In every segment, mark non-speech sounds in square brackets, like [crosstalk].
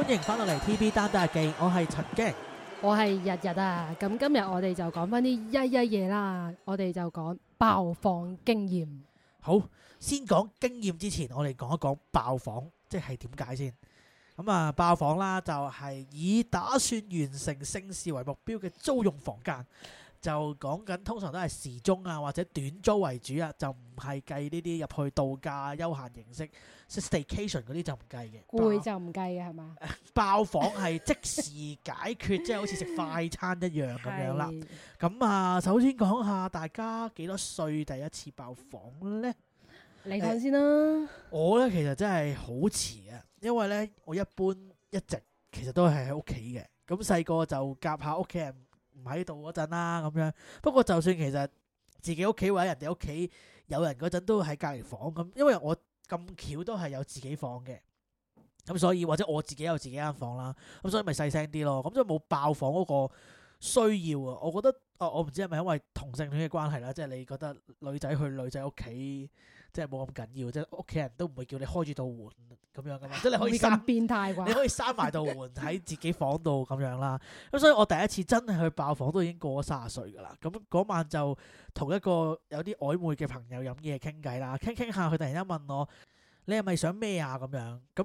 歡迎翻到嚟 TV 單打日記，我係陳經，我係日日啊！咁今日我哋就講翻啲一一嘢啦，我哋就講爆房經驗。好，先講經驗之前，我哋講一講爆房，即係點解先？咁啊，爆房啦，就係以打算完成性事為目標嘅租用房間。就講緊通常都係時鐘啊或者短租為主啊，就唔係計呢啲入去度假休閒形式，Staycation 嗰啲就唔計嘅。攰就唔計嘅係嘛？包 [laughs] 爆房係即時解決，即係 [laughs] 好似食快餐一樣咁樣啦。咁是啊，首先講下大家幾多歲第一次爆房咧？你講先啦，欸。我咧其實真係好遲啊，因為咧我一般一直其實都係喺屋企嘅。咁細個就夾下屋企人。唔喺度嗰陣啦，咁樣。不過就算其實自己屋企或者人哋屋企有人嗰陣，都喺隔離房咁，因為我咁巧都係有自己房嘅。咁所以或者我自己有自己間房啦，咁所以咪細聲啲咯，咁所以冇爆房嗰個需要啊。我覺得，哦，我唔知係咪因為同性戀嘅關係啦，即係你覺得女仔去女仔屋企。即係冇咁緊要，即係屋企人都唔會叫你開住道門咁樣噶嘛，即係你可以閂變態啩，你可以閂埋道門喺 [laughs] 自己房度咁樣啦。咁、嗯、所以我第一次真係去爆房都已經過咗卅歲噶啦。咁、嗯、嗰晚就同一個有啲曖昧嘅朋友飲嘢傾偈啦，傾傾下佢突然間問我：你係咪想咩啊？咁樣咁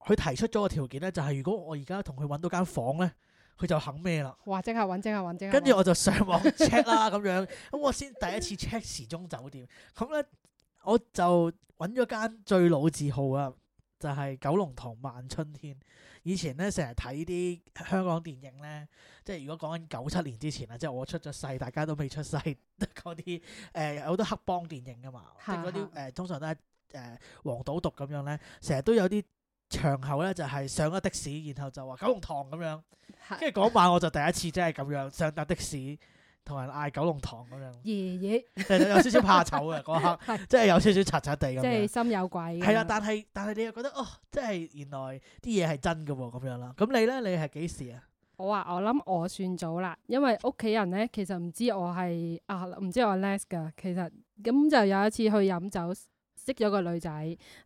佢、嗯、提出咗個條件咧，就係、是、如果我而家同佢揾到間房咧，佢就肯咩啦？哇！即刻揾即刻揾即刻！跟住我就上網 check 啦咁樣，咁我先第一次 check 時鐘酒店咁咧。 [laughs] [laughs] 我就揾咗間最老字號啊，就係、是、九龍塘萬春天。以前咧成日睇啲香港電影咧，即係如果講緊九七年之前啊，即係我出咗世，大家都未出世，嗰啲誒好多黑幫電影噶嘛， [laughs] 即係嗰啲誒通常都係誒、呃、黃賭毒咁樣咧，成日都有啲場口咧就係、是、上咗的士，然後就話九龍塘咁樣，跟住嗰晚我就第一次真係咁樣上搭的士。同人嗌九龍塘咁樣，爺爺 Yeah, yeah. [laughs] 有少少怕醜嘅嗰刻， [laughs] 即係有少少賊賊地咁即係心有鬼。係啦，但係但係你又覺得哦，即係原來啲嘢係真嘅喎，咁樣啦。咁你咧，你係幾時啊？我啊，我諗我算早啦，因為屋企人咧，其實唔知我係啊，唔知我 less 噶。其實咁就有一次去飲酒，識咗個女仔，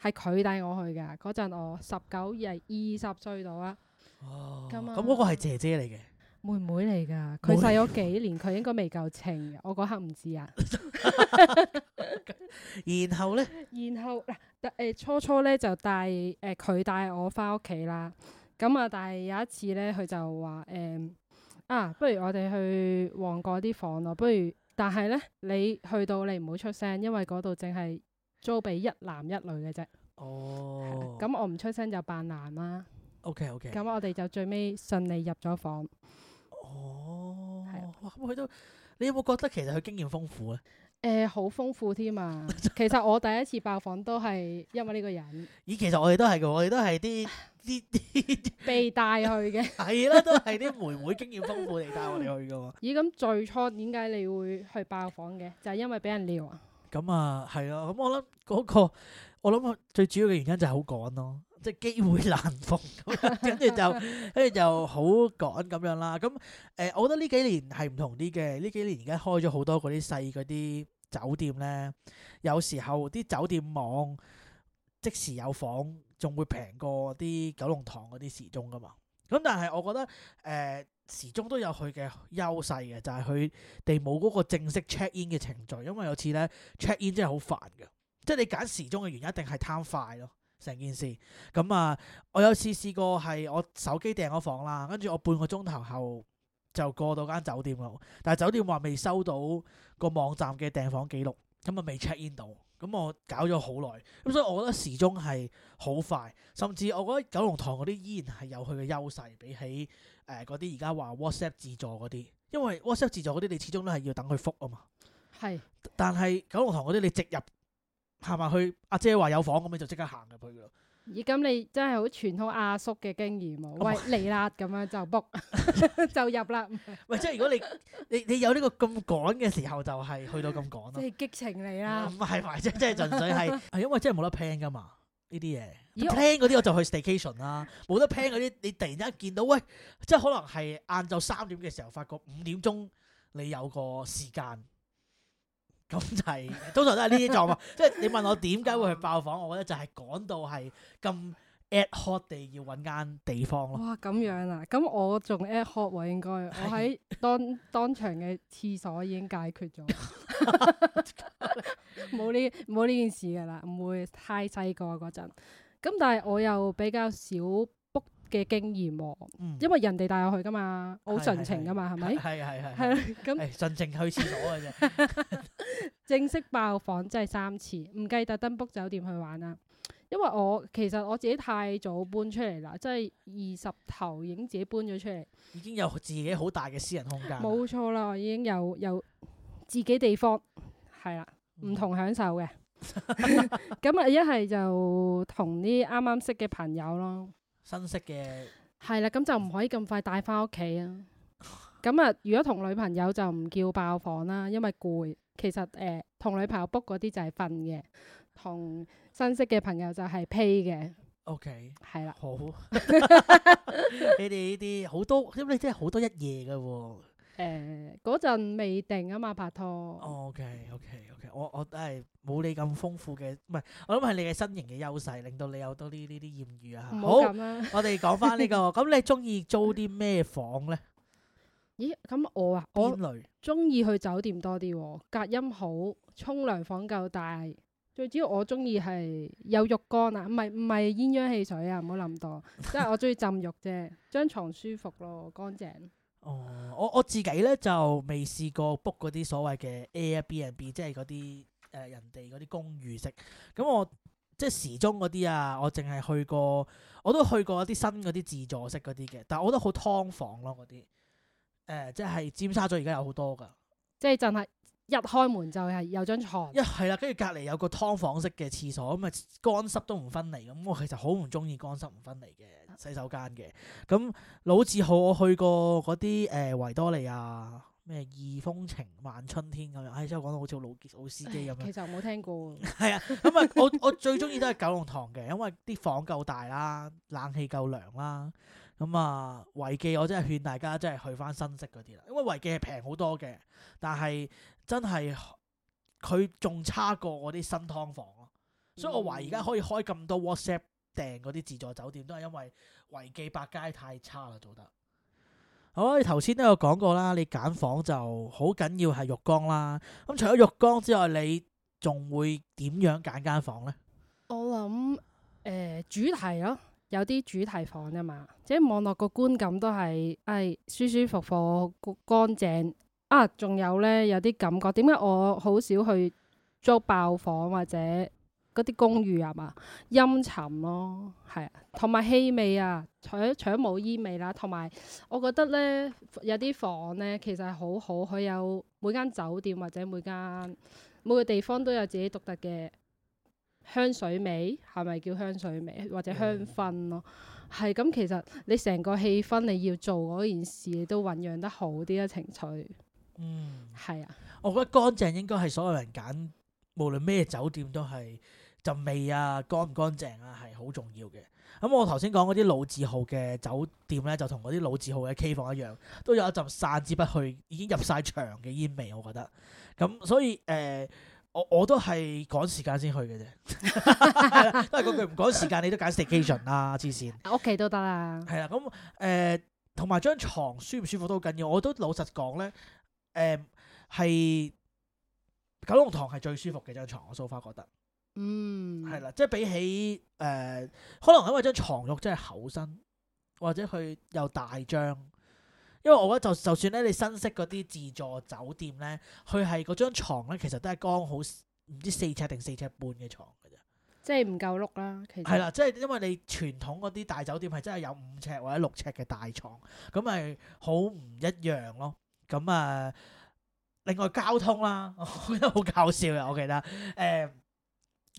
係佢帶我去嘅。嗰陣我十九日二十歲到啦。哦，咁咁嗰個係姐姐嚟嘅。妹妹嚟㗎，佢細咗幾年，佢 [laughs] 應該未夠情。我嗰刻唔知啊。 [laughs] [laughs] 然後咧呢，然後嗱，誒、呃、初初咧就帶誒佢帶我返屋企啦。咁啊，但係有一次咧，佢就話誒、呃、啊，不如我哋去旺角啲房咯。不如，但係咧，你去到你唔好出聲，因為嗰度淨係租俾一男一女嘅啫。哦。咁、啊、我唔出聲就扮男啦。O K O K。咁、啊、我哋就最尾順利入咗房。哦，啊、哇！佢都，你有冇覺得其實佢經驗豐富咧？誒、呃，好豐富添啊！ [laughs] 其實我第一次爆房都係因為呢個人。咦，其實我哋都係嘅，我哋都係啲啲啲被帶去嘅。係啦、 [laughs] 啊，都係啲妹妹經驗豐富嚟帶我哋去嘅、啊。咦，咁最初點解你會去爆房嘅？就係、是、因為俾人撩啊？咁啊，係、嗯、咯。咁我諗嗰、嗰個，我諗最主要嘅原因就係好趕咯。即係機會難逢， [laughs] 跟住 [laughs] 就跟住就好趕咁樣啦。咁誒、呃，我覺得呢幾年係唔同啲嘅。呢幾年而家開咗好多嗰啲細嗰啲酒店咧，有時候啲酒店網即時有房，仲會平過啲九龍塘嗰啲時鐘㗎嘛。咁但係我覺得誒、呃、時鐘都有佢嘅優勢嘅，就係佢哋冇嗰個正式 check in 嘅程序，因為有次咧 check in 真係好煩㗎，即係你揀時鐘嘅原因一定係貪快咯。成件事咁啊、嗯！我有次試過係我手機訂咗房啦，跟住我半個鐘頭後就過到間酒店咯，但係酒店話未收到個網站嘅訂房記錄，咁、嗯、啊未 check in 到。咁、嗯、我搞咗好耐。咁、嗯、所以我覺得始終係好快，甚至我覺得九龍塘嗰啲依然係有佢嘅優勢，比起誒嗰、呃、啲而家話 WhatsApp 自助嗰啲，因為 WhatsApp 自助嗰啲你始終都係要等佢覆啊嘛。係是，但係九龍塘嗰啲你直入。行埋去，阿姐話有房，咁你就即刻行入去咯。咦？咁你真係好傳統阿叔嘅經驗喎。我沒喂，嚟啦， [laughs] 咁樣就 book 就入啦了。喂，即係如果你 [laughs] 你你有呢個咁趕嘅時候，就係去到咁趕咯。激情嚟啦！唔係、嗯，唔即係即係純粹係，係 [laughs] 因為真係冇得 plan 噶嘛呢啲嘢。plan 嗰啲我就去 staycation 啦。冇得 plan 嗰啲，你突然間見到，喂，即係可能係晏晝三點嘅時候，發覺五點鐘你有個時間。咁就係通常都係呢啲狀況， [laughs] 即係你問我點解會去爆房， [laughs] 我覺得就係講到係咁 ad hoc 地要揾間地方咯。哇，咁樣啊！咁我仲 ad hoc 喎，應該 [laughs] 我喺當當場嘅廁所已經解決咗，冇呢冇呢件事噶啦，唔會太細個嗰陣。咁但係我又比較少嘅經驗，因為人哋帶我去噶嘛，好純、嗯、情噶嘛，係咪吧？係係係。係啦，咁純情去廁所嘅啫。正式爆房真係三次，唔計特登 book 酒店去玩啦。因為我其實我自己太早搬出嚟啦，即係二十頭已經自己搬咗出嚟，已經有自己好大嘅私人空間。冇錯啦，已經有有自己地方，係啦，唔、嗯、同享受嘅。咁啊，一係就同啲啱啱識嘅朋友咯。新識嘅係啦，咁就唔可以咁快帶返屋企啊！咁啊，如果同女朋友就唔叫爆房啦，因為攰。其實誒，同、呃、女朋友 book 嗰啲就係瞓嘅，同新識嘅朋友就係 pay 嘅。OK，係啦了，好。 [laughs] [laughs] 你哋呢啲好多，因為你真係好多一夜嘅喎、啊。誒，嗰陣未定啊嘛，拍拖。OK，OK，OK，okay, okay, okay. 我我都係冇你咁豐富嘅，唔係，我諗係、哎、你嘅身形嘅優勢，令到你有多呢呢啲艷遇啊。樣啊好，我哋講翻呢個，咁 [laughs] 你中意租啲咩房咧？咦，咁我啊，我中意去酒店多啲、啊，隔音好，沖涼房夠大，最主要我中意係有浴缸啊，唔係唔係鴛鴦汽水啊，唔好諗多，即係我中意浸浴啫，張 [laughs] 床舒服咯，乾淨。哦，我、嗯、我自己咧就未試過 book 嗰啲所謂嘅 Airbnb，即係嗰啲誒人哋嗰啲公寓式。咁我即時鐘嗰啲啊，我淨係去過，我都去過一啲新嗰啲自助式嗰啲嘅，但係我都好劏房咯嗰啲。誒、呃，即係尖沙咀而家有好多㗎。即係就係。一開門就係有張床、嗯，一係啦，跟住隔離有個湯房式嘅廁所，咁啊乾濕都唔分離，咁、嗯、我其實好唔中意乾濕唔分離嘅洗手間嘅。咁、嗯嗯嗯、老字號，我去過嗰啲誒維多利亞、咩二風情、萬春天咁、嗯、樣，唉，真係講到好似老司機咁樣。其實我冇聽過喎。係啊，咁啊，我我最中意都係九龍塘嘅，因為啲房夠大啦，冷氣夠涼啦。咁啊、嗯嗯，維記我真係勸大家真係去翻新式嗰啲啦，因為維記係平好多嘅，但係。但真係佢仲差過嗰啲新劏房咯，嗯、所以我懷疑而家可以開咁多 WhatsApp 訂嗰啲自助酒店，都係因為維記百佳太差啦，做得。好，你頭先都有講過啦，你揀房就好緊要係浴缸啦。咁除咗浴缸之外，你仲會點樣揀間房咧？我諗誒、呃、主題咯，有啲主題房啊嘛，即係網絡個觀感都係誒、哎、舒舒服服、乾淨。啊，仲有咧，有啲感覺，點解我好少去租爆房或者嗰啲公寓啊？嘛，陰沉咯，係啊，同埋氣味啊，除除咗冇煙味啦，同埋我覺得咧，有啲房咧其實好好，佢有每間酒店或者每間每個地方都有自己獨特嘅香水味，係咪叫香水味或者香薰咯？係咁、嗯啊，其實你成個氣氛，你要做嗰件事，你都醞釀得好啲啊，情趣。嗯，係啊，我覺得乾淨應該係所有人揀，無論咩酒店都係，陣味啊，乾唔乾淨啊，係好重要嘅。咁、嗯、我頭先講嗰啲老字號嘅酒店咧，就同嗰啲老字號嘅 K 房一樣，都有一陣散之不去，已經入晒牆嘅煙味，我覺得。咁、嗯、所以誒、呃，我我都係趕時間先去嘅啫， [laughs] [laughs] [laughs] 都係嗰句唔趕時間，你都揀 staycation 啦，黐線。屋企都得啊。係啦，咁誒、啊，同埋張床舒唔舒服都好緊要。我都老實講咧。誒，係、嗯、九龍塘係最舒服嘅張床，我 so far 覺得，嗯，係啦，即係比起誒、呃，可能因為張床褥真係厚身，或者佢又大張，因為我覺得就就算咧，你新式嗰啲自助酒店咧，佢係嗰張床咧，其實都係剛好唔知四尺定四尺半嘅床噶啫，即係唔夠碌啦，其實，係啦，即係因為你傳統嗰啲大酒店係真係有五尺或者六尺嘅大床，咁咪好唔一樣咯。咁啊、嗯，另外交通啦，我覺得好搞笑嘅。我記得，誒、呃，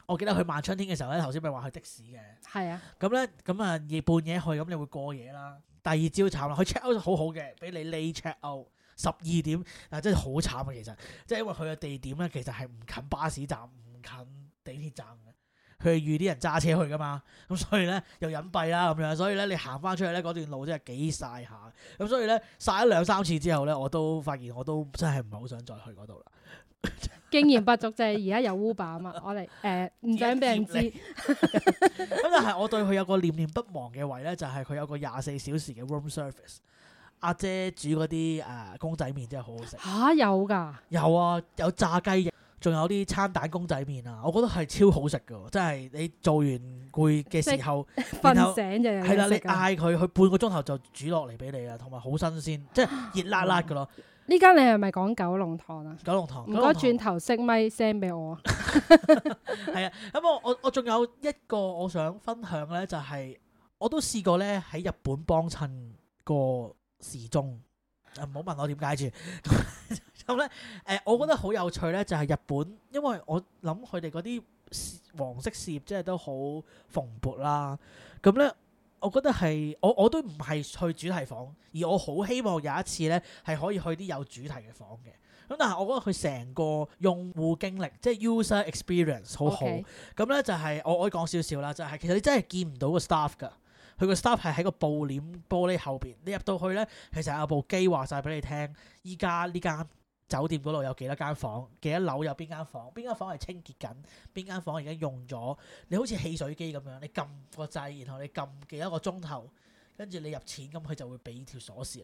我記得去萬春天嘅時候咧，頭先咪話去的士嘅，係是啊、嗯。咁、嗯、咧，咁啊夜半夜去，咁你會過夜啦。第二朝慘啦，去 check out 好好嘅，俾你 late check out 十二點，嗱、啊、真係好慘啊！其實，即係因為佢嘅地點咧，其實係唔近巴士站，唔近地鐵站嘅。佢預啲人揸車去噶嘛，咁所以咧又隱蔽啦咁樣，所以咧你行翻出去咧嗰段路真係幾晒下，咁所以咧晒咗兩三次之後咧，我都發現我都真係唔係好想再去嗰度啦。經驗不足就係而家有 Uber 啊嘛， [laughs] 我哋誒唔想俾人知。咁但係我對佢有個念念不忘嘅位咧，就係佢有個廿四小時嘅 room service，阿姐煮嗰啲誒公仔麵真係好好食。嚇、啊、有㗎、啊？有啊，有炸雞翼。仲有啲餐蛋公仔麵啊！我覺得係超好食㗎，真係你做完攰嘅時候，瞓醒就係啦。你嗌佢，佢半個鐘頭就煮落嚟俾你啦，同埋好新鮮，即係熱辣辣㗎咯。呢間你係咪講九龍塘啊？九龍塘唔該，轉頭識咪 send 俾我啊！係 [laughs] 啊， [laughs] 咁我我我仲有一個我想分享咧、就係，就係我都試過咧喺日本幫襯個時鐘，唔好問我點解住。 [laughs] 咁咧，誒、呃，我覺得好有趣咧，就係、是、日本，因為我諗佢哋嗰啲黃色事業真係都好蓬勃啦。咁咧，我覺得係我我都唔係去主題房，而我好希望有一次咧係可以去啲有主題嘅房嘅。咁但係我覺得佢成個用戶經歷，即係 user experience，好好。咁咧 Okay. 就係、是、我可以講少少啦，就係、是、其實你真係見唔到個 staff 噶，佢個 staff 係喺個布簾玻璃後邊。你入到去咧，其實有部機話晒俾你聽，依家呢間酒店嗰度有幾多間房？幾多樓有邊間房？邊間房係清潔緊？邊間房而家用咗？你好似汽水機咁樣，你撳個掣，然後你撳幾多個鐘頭，跟住你入錢，咁佢就會俾條鎖匙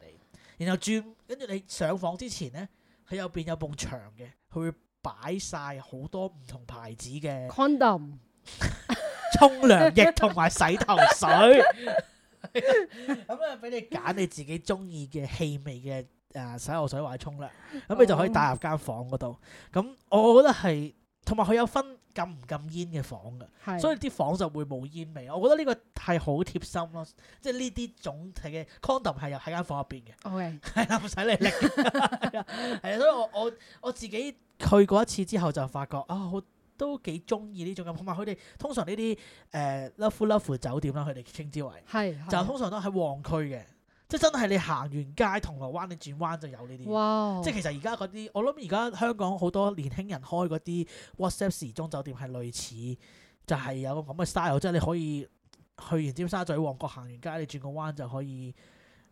你。然後轉跟住你上房之前呢，佢有邊有埲牆嘅，佢會擺晒好多唔同牌子嘅 condom、沖 [laughs] 涼液同埋洗頭水。咁咧俾你揀你自己中意嘅氣味嘅。誒、啊、洗下水，或者洗下沖啦，咁、哦、你就可以帶入間房嗰度。咁、嗯嗯、我覺得係，同埋佢有分禁唔禁煙嘅房嘅，是所以啲房就會冇煙味。我覺得呢個係好貼心咯，即係呢啲總體嘅 condom 係喺間房入邊嘅，係啦、哦，唔使你拎。係， [laughs] [laughs] [laughs] 所以我我我自己去過一次之後就發覺啊、哦，我都幾中意呢種咁。同埋佢哋通常呢啲誒 love love, love 酒店啦，佢哋稱之為是是就通常都喺旺區嘅。即真係你行完街銅鑼灣，你轉彎就有呢啲。Wow. 即係其實而家嗰啲，我諗而家香港好多年輕人開嗰啲 WhatsApp 時鐘酒店係類似，就係、是、有個咁嘅 style，即係你可以去完尖沙咀旺角行完街，你轉個彎就可以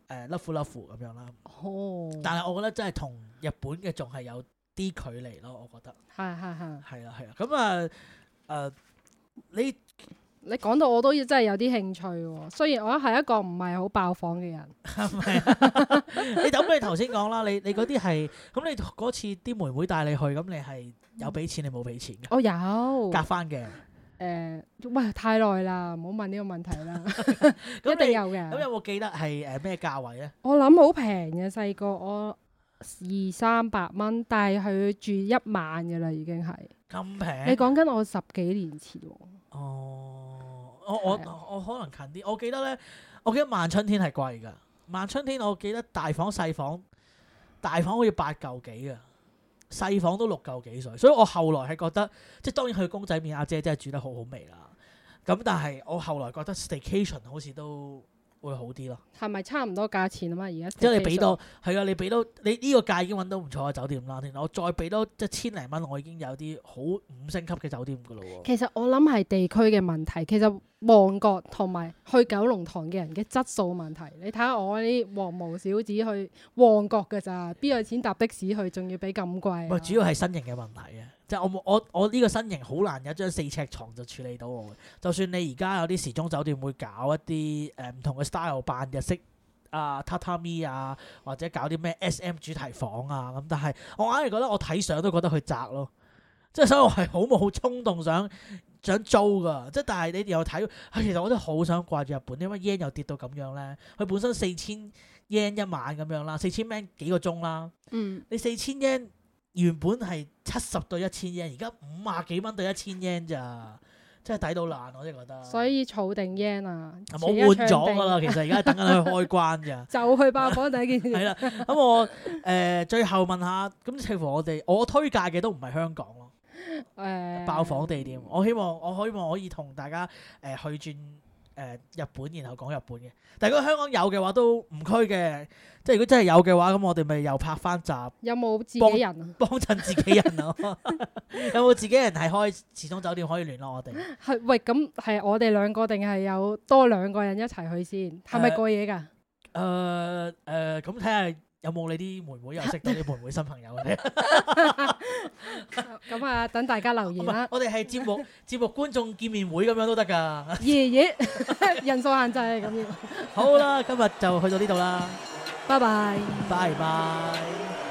誒 love love 咁樣啦。Oh. 但係我覺得真係同日本嘅仲係有啲距離咯，我覺得。係係係。係啦係啦，咁啊誒你。你講到我都真係有啲興趣喎、哦，雖然我係一個唔係好爆房嘅人。係吧 [laughs] 你就咁你頭先講啦，你你嗰啲係咁，你嗰次啲妹妹帶你去，咁你係有俾錢，有錢，你冇俾錢嘅？我有夾翻嘅。誒、呃，喂，太耐啦，唔好問呢個問題啦。 [laughs] 你 [laughs] 一定有嘅。咁有冇記得係誒咩價位咧？我諗好平嘅，細個我二三百蚊，但係佢住一晚嘅啦，已經係。咁平？你講緊我十幾年前喎。哦。我我我可能近啲，我記得呢，我記得萬春天係貴㗎，萬春天我記得大房細房，大房好似八嚿幾啊，細房都六嚿幾水，所以我後來係覺得，即係當然佢公仔麵阿姐，姐真係煮得好好味啦，咁但係我後來覺得 staycation 好似都。會好啲咯，係咪差唔多價錢啊嘛？而家即係你俾到，係啊、嗯，你俾到，你呢個價已經揾到唔錯嘅酒店啦。我再俾多即係千零蚊，我已經有啲好五星級嘅酒店噶啦喎。其實我諗係地區嘅問題，其實旺角同埋去九龍塘嘅人嘅質素問題。你睇下我啲黃毛小子去旺角㗎咋，邊有錢搭的士去、啊，仲要俾咁貴？唔係，主要係身形嘅問題啊。即係我我我呢個身形好難有一張四尺床就處理到我就算你而家有啲時鐘酒店會搞一啲誒唔同嘅 style 扮日式啊榻榻米啊，或者搞啲咩 SM 主題房啊咁，但係我硬係覺得我睇相都覺得佢窄咯。即係所以我係好冇好衝動想想租㗎。即係但係你又睇，哎，其實我都好想掛住日本，因為 yen 又跌到咁樣咧。佢本身四千 yen 一晚咁樣 4, 啦，四千 yen 幾個鐘啦。嗯，你四千 yen。原本係七十對一千 yen 而家五啊幾蚊對一千 yen 咋，真係抵到爛，我真係覺得，得。所以儲定 yen 啊，冇換咗㗎啦， [laughs] 其實而家等緊佢開關咋。 [laughs] 就去爆房第一件事。 [laughs] 係啦，咁我誒最後問下，咁似乎我哋我推介嘅都唔係香港咯，誒、 [laughs] 呃、爆房地點，我希望我希望可以同大家誒、呃、去轉。誒、呃、日本，然後講日本嘅。但如果香港有嘅話，都唔拘嘅。即係如果真係有嘅話，咁我哋咪又拍翻集。有冇自己人？幫襯自己人啊！有冇自己人係、啊、開 [laughs] [laughs] 始終酒店可以聯絡我哋？係喂，咁係我哋兩個定係有多兩個人一齊去先？係咪、呃、過夜㗎？誒誒、呃，咁睇下。呃，看看有冇你啲妹妹又識到啲妹妹新朋友嘅？咁啊，等大家留言 [laughs] 我哋係節目節目觀眾見面會咁樣都得噶。爺 [laughs] 爺 [laughs] 人數限制係咁樣。好啦，今日就去到呢度啦。拜拜 bye，拜拜。